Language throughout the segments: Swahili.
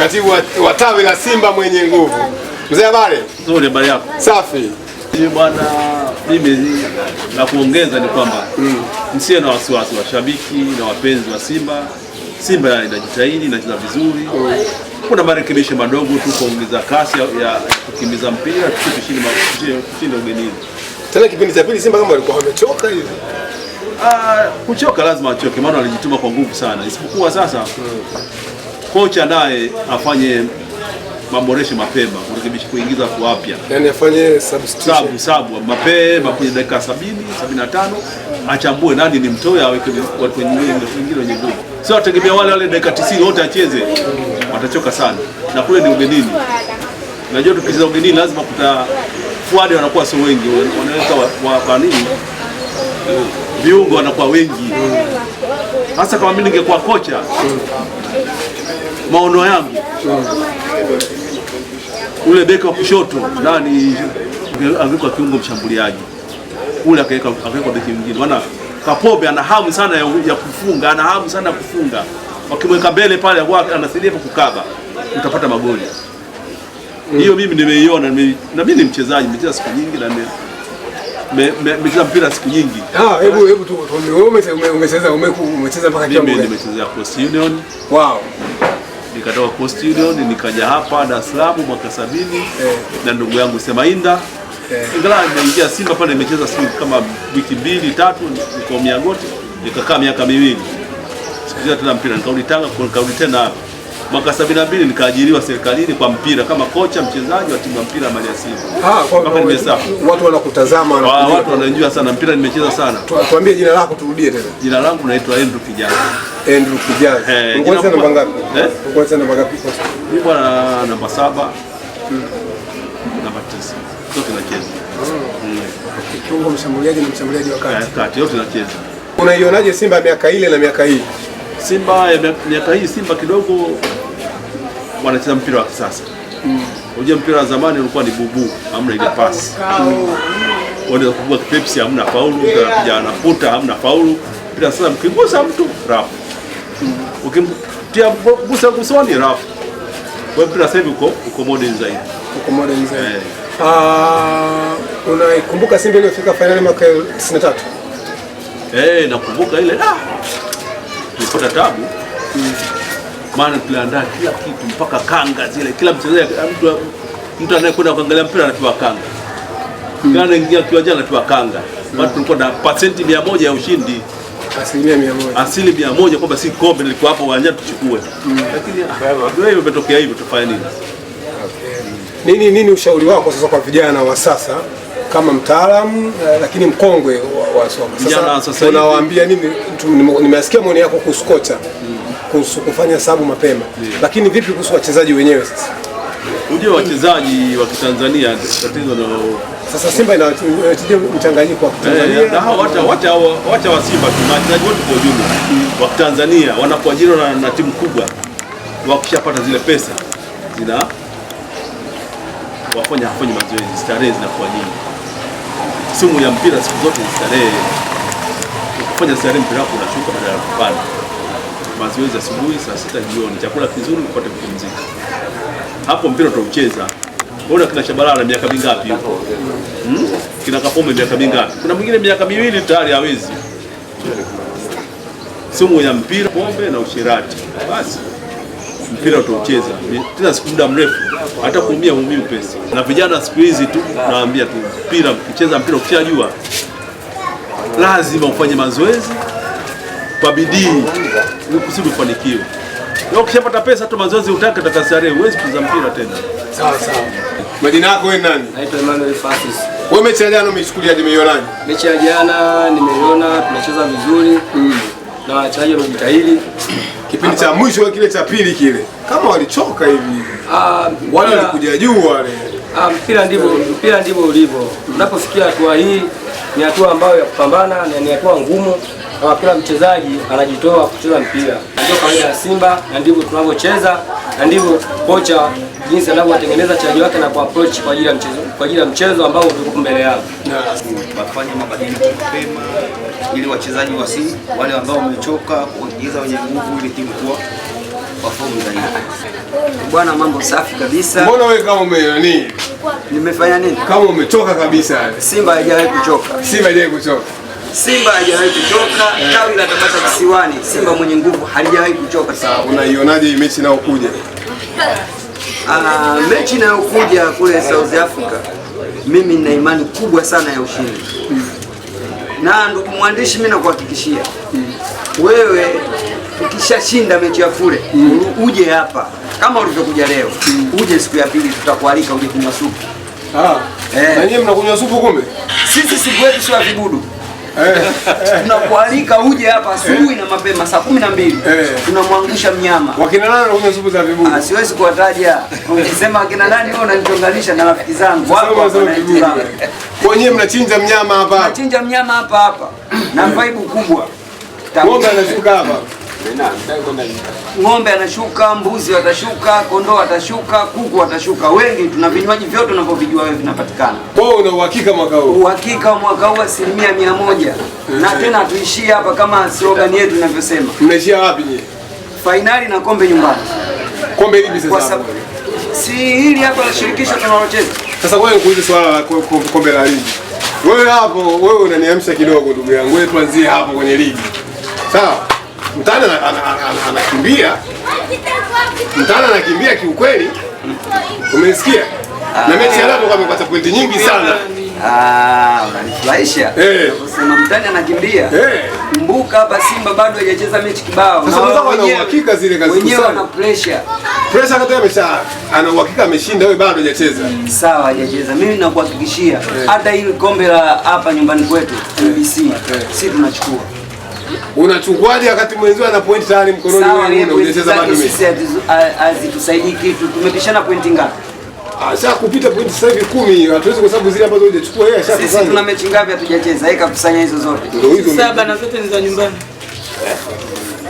katibu wa tawi la Simba mwenye nguvu. Mzee, habari nzuri. Habari yako? Safi bwana. Mimi na kuongeza ni kwamba msiwe mm. na wasiwasi, washabiki na wapenzi wa Simba. Simba inajitahidi, inacheza vizuri mm. Kuna marekebisho madogo tu, kuongeza kasi ya kukimbiza mpira tushinde ugenini. Tena kipindi cha pili Simba kama walikuwa wamechoka hivi ah, kuchoka, lazima wachoke, maana alijituma kwa nguvu sana, isipokuwa sasa mm kocha naye afanye maboresho mapema, kurekebisha, kuingiza kuapya, yani afanye substitution sabu mapema kwenye dakika 70 75, achambue nani ni mtoe, aweke watu wengine wenye nguvu, sio ategemea wale wale dakika 90 wote acheze, watachoka sana. Na kule ni ugenini, najua tukicheza ugenini lazima kuta fuadi wanakuwa sio wengi, wanaweka wa, wa, nini viungo wanakuwa wengi, hasa kama mimi ningekuwa kocha maono yangu ule beki wa kushoto nani angekuwa kiungo mshambuliaji ule akaweka akaweka beki mwingine, maana Kapobe ana hamu sana ya, ya kufunga, ana hamu sana ya kufunga. Wakimweka mbele pale anasaidia kukaba, utapata magoli hiyo. Mimi nimeiona na mimi ni mchezaji, nimecheza siku nyingi na nimecheza mpira siku nyingi. Ah, hebu hebu tu umecheza umecheza mpaka mimi nimechezea Coast Union. Wow nikatoka kwa studio nikaja hapa Dar es Salaam mwaka sabini eh, na ndugu yangu Semainda eh, ingawa nimeingia Simba pale nimecheza siku kama wiki mbili tatu, niko goti nikakaa miaka miwili, sikuzia tena mpira, nikarudi Tanga, nikarudi tena hapa Mwaka 72 nikaajiriwa serikalini kwa mpira kama kocha mchezaji wa timu ya mpira mali asili. Ah, watu wanakutazama wanakujua. Ah, watu wanajua sana mpira nimecheza sana. Tuambie jina lako turudie tena. Jina langu naitwa Andrew Kijazi. Andrew Kijazi. Eh, ngoja eh? namba ngapi? Eh? Ngoja namba ngapi? Ni bwana namba 7. Namba 9. Zote nacheza. Ah, kiungo, mshambuliaji na mshambuliaji wa kati. Eh, kati yote nacheza. Unaionaje Simba miaka ile na miaka hii? Simba ya miaka hii Simba kidogo wanacheza mpira wa kisasa. Unajua mpira wa zamani ulikuwa ni bubu, hamna ile pasi. Wanaweza kupiga kipepsi, hamna faulu, unapiga anafuta, hamna faulu. Bila sasa mkigusa mtu rafu. Ukimtia gusa gusoni rafu. Kwa mpira sasa hivi uko uko modern zaidi. Uko modern zaidi. Eh. Ah, unaikumbuka Simba iliyofika finali mwaka 93? Eh, nakumbuka ile. Ah. Nilipata tabu. Mm maana tuliandaa kila kitu mpaka kanga zile, kila mchezaji mtu, mtu anayekwenda kuangalia mpira anapewa kanga hmm. Ghana ingia kiwanja anapewa kanga hmm. Tulikuwa na pasenti 100 ya ushindi asilimia 100 asili 100 kwamba si kombe nilikuwa hapo uwanjani tuchukue hmm. Lakini ah, imetokea hivyo, tufanye nini? Nini nini ushauri wako sasa kwa vijana wa sasa kama mtaalamu eh, lakini mkongwe wa soka sasa, unawaambia nini? Nimesikia maoni yako kuhusu kocha hmm kuhusu kufanya sabu mapema yeah. Lakini vipi kuhusu wachezaji wenyewe sasa? Ndio wachezaji wa Kitanzania tatizo ndio sasa Simba ina mchanganyiko wa Tanzania eh, na wacha wacha hata wa Simba tu na wachezaji wote kwa ujumla wa Tanzania wanapoajiriwa na, na timu kubwa wakishapata zile pesa zina wafanya afanye mazoezi, starehe zinakuwa nyingi. Simu ya mpira siku zote ni starehe, ukifanya starehe mpira wako unashuka badala ya kupanda mazoezi asubuhi, saa sita jioni, chakula kizuri, upate kupumzika. Hapo mpira utaucheza. Ona kina Shabalala na miaka mingapi huko? Hmm? Kina Kapombe miaka mingapi? Kuna mwingine miaka miwili tayari hawezi. Sumu ya mpira, pombe na ushirati. Basi mpira utaucheza. Tena siku muda mrefu hata kuumia umii pesa Na vijana siku hizi tu naambia tu mpira, ukicheza mpira ukishajua lazima ufanye mazoezi kwa bidii ili kusudi ufanikiwe. Leo ukishapata pesa tu mazoezi utaka takasare, huwezi kuza mpira tena. Sawa sawa. Majina yako wewe nani? Naitwa Emmanuel Francis. Wewe mechi ya jana umechukulia nimeionaje? Mechi ya jana nimeiona tunacheza vizuri. Mm. Na wachezaji wamejitahidi. Kipindi cha mwisho kile cha pili kile. Kama walichoka hivi. Ah, wale walikuja juu wale. Ah, mpira ndivyo mpira ndivyo ulivyo. Unapofikia hatua hii ni hatua ambayo ya kupambana na ni hatua ngumu kama kila mchezaji anajitoa kucheza mpira. Ndio kawaida ya Simba na ndivyo tunavyocheza na ndivyo kocha jinsi anavyotengeneza chaji wake na kwa approach kwa ajili ya mchezo, kwa ajili ya mchezo ambao uko mbele yao. Wafanye mabadiliko mapema ili wachezaji wasi wale ambao wamechoka kuongeza wenye nguvu ili timu kuwa perform zaidi. Bwana, mambo safi kabisa. Mbona wewe kama ume nani? Nimefanya nini? Kama umechoka kabisa. Simba haijawahi kuchoka. Simba haijawahi kuchoka. Simba hajawahi kuchoka, tawi la Tabata Kisiwani, Simba mwenye nguvu hajawahi kuchoka. Sawa, unaionaje mechi inayokuja? Ah, mechi inayokuja kule South Africa, mimi nina imani kubwa sana ya ushindi Na ndugu mwandishi, mimi nakuhakikishia Wewe ukishashinda mechi ya kule Uje hapa kama ulivyokuja leo Uje siku ya pili, tutakualika uje kunywa supu. Ah, eh. Na nyinyi mnakunywa supu kumbe? Sisi siku yetu sio ya vibudu tunakualika uje hapa asubuhi na mapema saa kumi na mbili eh. tunamwangusha mnyama. Wakina nani unakunywa supu za vibuyu? Ah, siwezi kuwataja. Ukisema wakina nani wewe unanichonganisha na rafiki zangu wako. Kwa mnachinja mnyama hapa. Mnachinja mnyama hapa hapa. Na faibu kubwa. Ng'ombe anashuka hapa ng'ombe anashuka, mbuzi watashuka, kondoo watashuka, kuku watashuka, wengi tuna vinywaji vyote unavyovijua wewe vinapatikana. Wewe una uhakika mwaka huu? Uhakika mwaka huu asilimia mia moja na eh. tena tuishie hapa, kama slogan yetu inavyosema. Mnaishia wapi nyie? Fainali na kombe nyumbani. Kombe hili sasa si hili hapa la shirikisho tunalocheza sasa. Wewe kuuliza swala la kombe la ligi, wewe hapo, wewe unaniamsha kidogo ndugu yangu, wewe tuanzie hapo kwenye ligi, sawa? mtana anakimbia, mtana anakimbia kiukweli, umesikia Na mechi ya leo kwa amepata pointi nyingi sana. Ah, unanifurahisha. Eh. Unasema mtani anakimbia. Eh. Kumbuka hapa Simba bado hajacheza mechi kibao. Sasa mzao wana uhakika zile kazi. Wenyewe wana pressure. Pressure hata amesha ana uhakika ameshinda wewe bado hajacheza. Sawa hajacheza. Mimi nakuhakikishia eh. hata hili kombe la hapa nyumbani kwetu NBC. Eh. si tunachukua. Unachukuaje wakati mwenzio ana point tayari mkononi wewe unacheza bado mimi. Sisi azitusaidii kitu. Tumepishana point ngapi? Ah, sasa kupita point sasa hivi 10 hatuwezi kwa sababu zile ambazo hujachukua yeye asha kufanya. Sisi tuna mechi ngapi hatujacheza? Yeye kakusanya hizo zote. Ndio hizo. Saba na zote ni za nyumbani.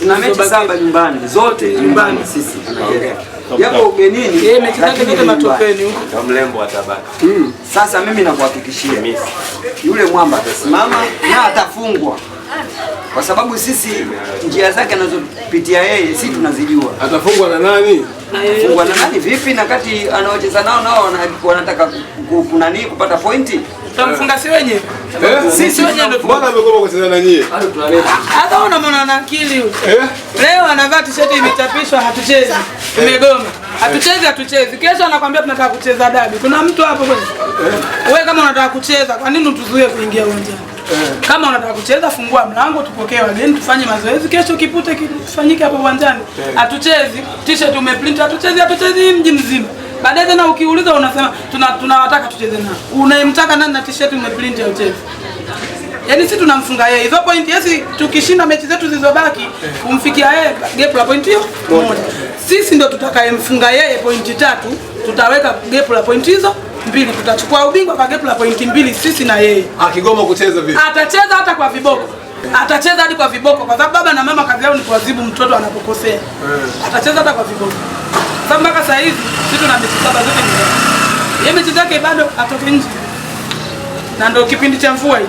Tuna mechi saba nyumbani, zote nyumbani sisi. tunacheza. Yapo ugenini. Yeye eh, mechi zake zote matopeni huko. Kama mlembo atabaki. Hmm. Sasa mimi nakuhakikishia. Yule mwamba atasimama na atafungwa kwa sababu sisi njia zake anazopitia yeye si tunazijua. Atafungwa na nani? Atafungwa na nani vipi? Na kati anaocheza nao nao wanataka kunani kupata pointi Tamfunga si wenyewe. Eh? Sisi wenye ndio bwana amekoma kucheza na nyie. Hata una unamwona na akili huyo. Eh? Leo anavaa t-shirt imechapishwa hatuchezi. Tumegoma. Eh? Eh? Hatuchezi hatuchezi. Kesho anakuambia tunataka kucheza dabi. Kuna mtu hapo kwenye. Wewe kama unataka kucheza, kwa nini utuzuie kuingia uwanjani? Kama unataka kucheza, fungua mlango, tupokee wageni, tufanye mazoezi. Kesho kipute kifanyike hapo uwanjani. Hatuchezi t-shirt umeprint, hatuchezi, hatuchezi mji mzima. Baadaye tena ukiuliza unasema tunawataka tucheze na Unayemtaka nani na t-shirt umeprint ya ucheze? Yaani sisi tunamfunga yeye. Hizo point yesi tukishinda mechi zetu zilizobaki kumfikia yeye gap la point hiyo moja. Sisi ndio tutakayemfunga yeye point tatu, tutaweka gap la point hizo mbili tutachukua ubingwa kwa gap la pointi mbili sisi na yeye. Akigoma ah, kucheza vipi? Atacheza hata kwa viboko, atacheza hadi kwa viboko, kwa sababu baba na mama kazi yao ni kuadhibu mtoto anapokosea. Eh. Atacheza hata kwa viboko, sababu mpaka sasa hivi sisi tuna mechi saba zote ni yeye, mechi zake bado atoke nje, na ndio kipindi cha mvua hii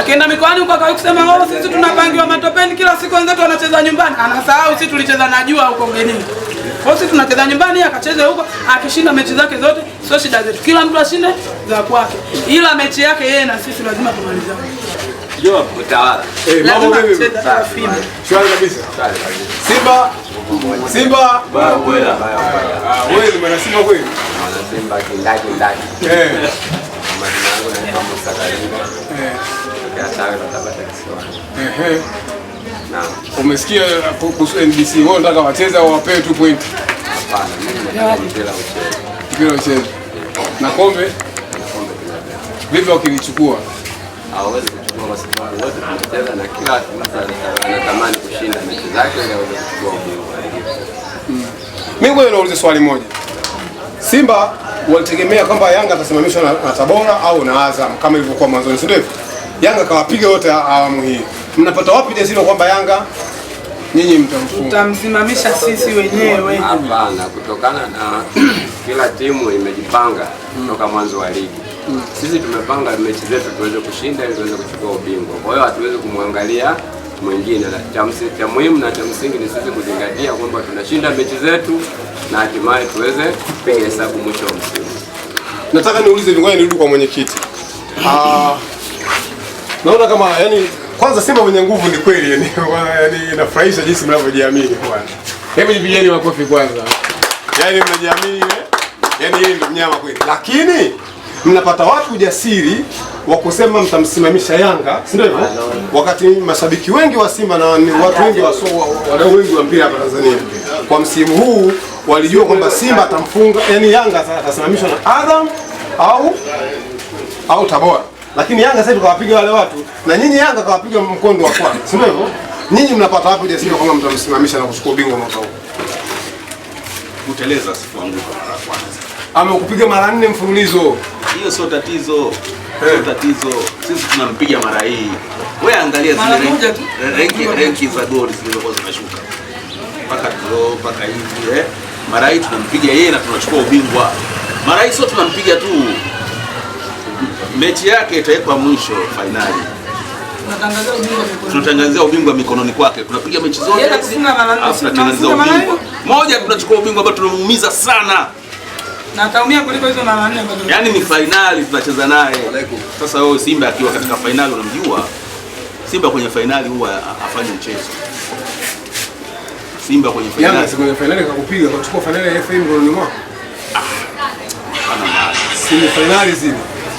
Akienda mikoani huko akawa kusema wao, oh, sisi tunapangiwa matopeni kila siku, wenzetu wanacheza nyumbani, anasahau sisi tulicheza na jua huko ugenini. Kwa sisi tunacheza nyumbani, akacheze huko, akishinda mechi zake zote, sio shida zetu. Kila mtu ashinde za kwake, ila mechi yake yeye na sisi lazima tumalize. Job utawala. Eh, mambo vipi? Shwari kabisa. Simba Simba Ah, Wewe ni mwana Simba kweli? Mwana Simba kindaki ndaki. Eh. Mwana wangu ni kama Musa Eh. Ya sawa na tabata kisiwani. Eh. Umesikia kuhusu NBC, wao nataka wacheze au wapewe tu point? Hapana, mimi mpira ucheze. Mpira ucheze. Na kombe? Vipi wakilichukua? Hawezi kuchukua kwa sababu wote tunacheza na kila mtu anatamani kushinda mechi zake ili aweze kuchukua ubingwa. Hmm. Mimi ngoja naulize swali moja. Simba walitegemea kwamba Yanga atasimamishwa na Tabora au na Azam kama ilivyokuwa mwanzoni, si ndivyo? Yanga kawapiga wote awamu hii. Mnapata wapi jasiri kwamba Yanga nyinyi mtamfunga? Tutamsimamisha sisi wenyewe. Hapana, kutokana na kila timu imejipanga kutoka mwanzo wa ligi. Sisi tumepanga mechi zetu tuweze kushinda ili tuweze kuchukua ubingwa. Kwa hiyo hatuwezi kumwangalia mwingine. Cha muhimu na cha msingi ni sisi kuzingatia kwamba tunashinda mechi zetu na hatimaye tuweze kupiga hesabu mwisho wa msimu. Nataka niulize, nirudi kwa mwenyekiti. Ah, naona kama yani kwanza Simba mwenye nguvu ni kweli, yani inafurahisha jinsi mnavyojiamini bwana. Hebu jipigeni makofi kwanza. Yaani mnajiamini eh? Yaani yeye ndio mnyama kweli. Lakini mnapata watu ujasiri wa kusema mtamsimamisha Yanga, si ndio hivyo? Wakati mashabiki wengi wa Simba na watu wengi wa wadau wengi wa mpira hapa Tanzania kwa msimu huu walijua kwamba Simba atamfunga, yani Yanga atasimamishwa na Azam au au Tabora lakini Yanga sasa tukawapiga wale watu na nyinyi Yanga kawapiga mkondo wa kwanza, si ndio hivyo? Nyinyi mnapata wapi ile sifa kwamba mtamsimamisha na kuchukua ubingwa mwaka huu? Kuteleza sifa yangu kwa kwanza. Ama kupiga mara nne mfululizo. Hiyo sio tatizo. Sio eh. tatizo. Sisi tunampiga mara hii. Wewe angalia zile ranki ranki za goli zilizokuwa zinashuka. Paka draw, paka hivi eh. Mara hii tunampiga yeye na tunachukua ubingwa. Mara hii sio tunampiga tu mechi yake itawekwa mwisho fainali, tunatangazia ubingwa mikononi kwake. Tunapiga mechi zote tunatangazia ubingwa moja, tunachukua ubingwa ambao tunamuumiza sana na kaumia kuliko hizo mara nne ambazo yaani ni fainali tunacheza naye. Sasa wewe Simba akiwa katika fainali, unamjua Simba kwenye fainali huwa afanye mchezo. Simba kwenye fainali. Yanga kwenye fainali akakupiga akachukua fainali ya FA mkononi mwako. Ah. Ana maana. Semi fainali zile.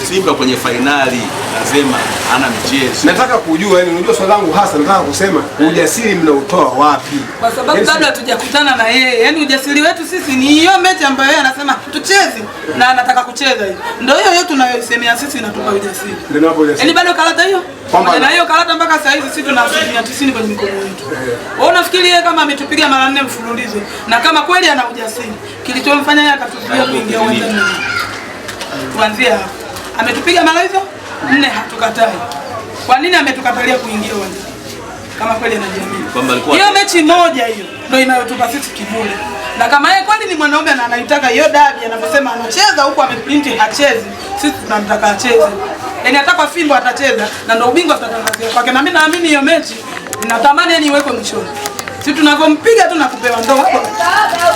Simba kwenye fainali lazima ana mchezo. Nataka kujua, yani unajua swali langu hasa nataka kusema eh. ujasiri mnautoa wapi? Kwa sababu yaani bado hatujakutana na yeye. yani ujasiri wetu sisi ni hiyo mechi ambayo yeye anasema tucheze na anataka kucheza hiyo. Ndio hiyo hiyo tunayosemea sisi inatupa ujasiri. Ndio hapo ujasiri. Yani bado karata hiyo? Na hiyo karata mpaka sasa hivi sisi tuna 90 kwenye mikono yetu. Eh. Wewe unafikiri yeye kama ametupiga mara nne mfululizo na kama kweli ana ujasiri, kilichomfanya yeye akatuzuia kuingia uwanjani. Kuanzia hapo ametupiga mara hizo nne, hatukatai. Kwa nini ametukatalia kuingia uwanja kama kweli anajiamini? Hiyo mechi moja hiyo ndio inayotupa sisi kivule, na kama yeye kweli ni mwanaume na anaitaka hiyo dabi, anaposema anacheza huku ameprinti hachezi, sisi tunamtaka acheze, yaani hata kwa fimbo atacheza, na ndio ubingwa tutatangazia kwake. Na mimi naamini hiyo mechi, ninatamani yani iwekwe mchoni, si tunavyompiga tu na kupewa ndoo.